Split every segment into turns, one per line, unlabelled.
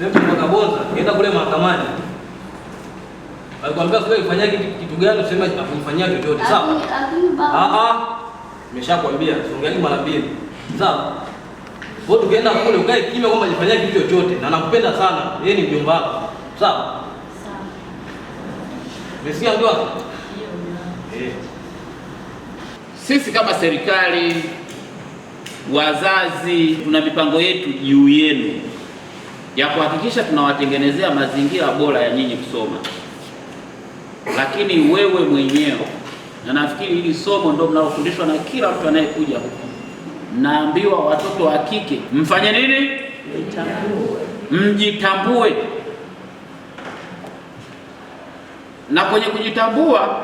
yule mtu mkaboza nienda kule mahakamani, alikwambia sio ifanyaje kitu gani, useme afanyia chochote sawa. Ah ah, nimeshakwambia siongea mara mbili sawa. Wewe tukienda kule ukae kimya kwamba jifanyia kitu chochote, na nakupenda sana, yeye ni mjomba wako sawa. Sawa. Ndio. eh, sisi kama serikali, wazazi, tuna mipango yetu juu yenu ya kuhakikisha tunawatengenezea mazingira bora ya nyinyi kusoma, lakini wewe mwenyewe, na nafikiri hili somo ndio mnalofundishwa na kila mtu anayekuja huku, mnaambiwa watoto wa kike mfanye nini? Mjitambue. Na kwenye kujitambua,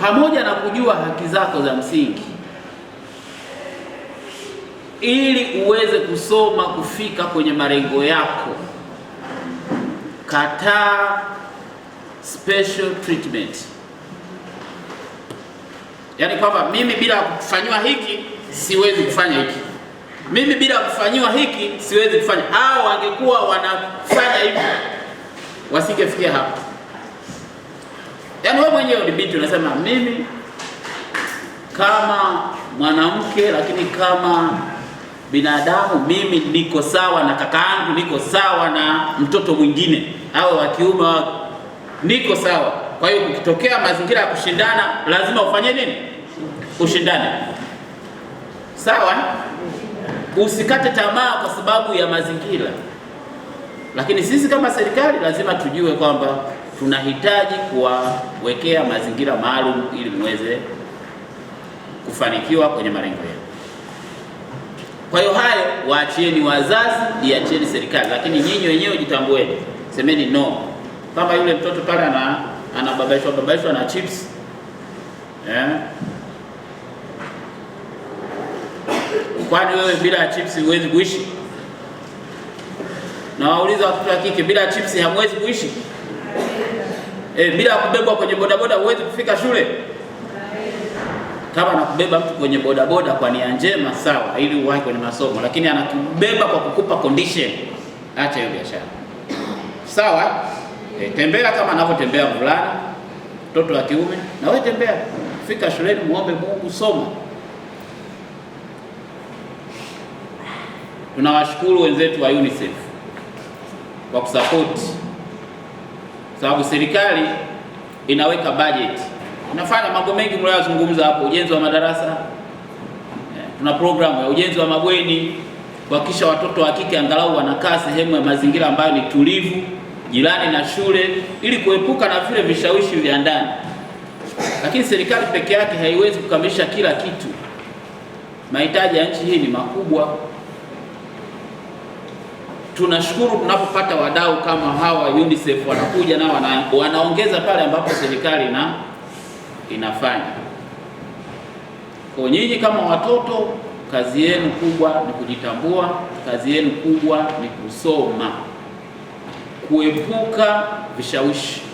pamoja na kujua haki zako za msingi ili uweze kusoma kufika kwenye malengo yako. Kataa special treatment, yaani kwamba mimi bila kufanyiwa hiki siwezi kufanya hiki, mimi bila kufanyiwa hiki siwezi kufanya. Hao wangekuwa wanafanya hivyo wasingefikia hapo. Yaani wewe mwenyewe udhibiti, unasema mimi kama mwanamke, lakini kama binadamu, mimi niko sawa na kakaangu, niko sawa na mtoto mwingine au wa kiume, niko sawa. Kwa hiyo ukitokea mazingira ya kushindana, lazima ufanye nini? Ushindane, sawa. Usikate tamaa kwa sababu ya mazingira, lakini sisi kama serikali lazima tujue kwamba tunahitaji kuwawekea mazingira maalum ili muweze kufanikiwa kwenye malengo yetu. Kwa hiyo hayo waachieni wazazi, iachieni serikali, lakini nyinyi wenyewe jitambueni, semeni no. Kama yule mtoto pale ana anababaishwa babaishwa na chips eh? Kwani wewe bila chips huwezi kuishi? Na wauliza watoto wa kike, bila chips hamwezi kuishi eh? Bila kubebwa kwenye bodaboda huwezi kufika shule kama anakubeba mtu kwenye bodaboda kwa nia njema, sawa, ili uwahi kwenye masomo, lakini anakubeba kwa kukupa condition, acha hiyo biashara. Sawa e, tembea kama anavyotembea mvulana, mtoto wa kiume, na wewe tembea, fika shuleni, muombe Mungu, soma. Tunawashukuru wenzetu wa UNICEF kwa kusapoti, sababu serikali inaweka bajeti inafanya mambo mengi mnayozungumza hapo, ujenzi wa madarasa, eh, tuna programu ya ujenzi wa mabweni kuhakikisha watoto wa kike angalau wanakaa sehemu ya mazingira ambayo ni tulivu jirani na shule, ili kuepuka na vile vishawishi vya ndani. Lakini serikali peke yake haiwezi kukamilisha kila kitu. Mahitaji ya nchi hii ni makubwa. Tunashukuru tunapopata wadau kama hawa UNICEF, wanakuja na wana, wanaongeza pale ambapo serikali na inafanya. Kwa nyinyi kama watoto, kazi yenu kubwa ni kujitambua, kazi yenu kubwa ni kusoma, kuepuka vishawishi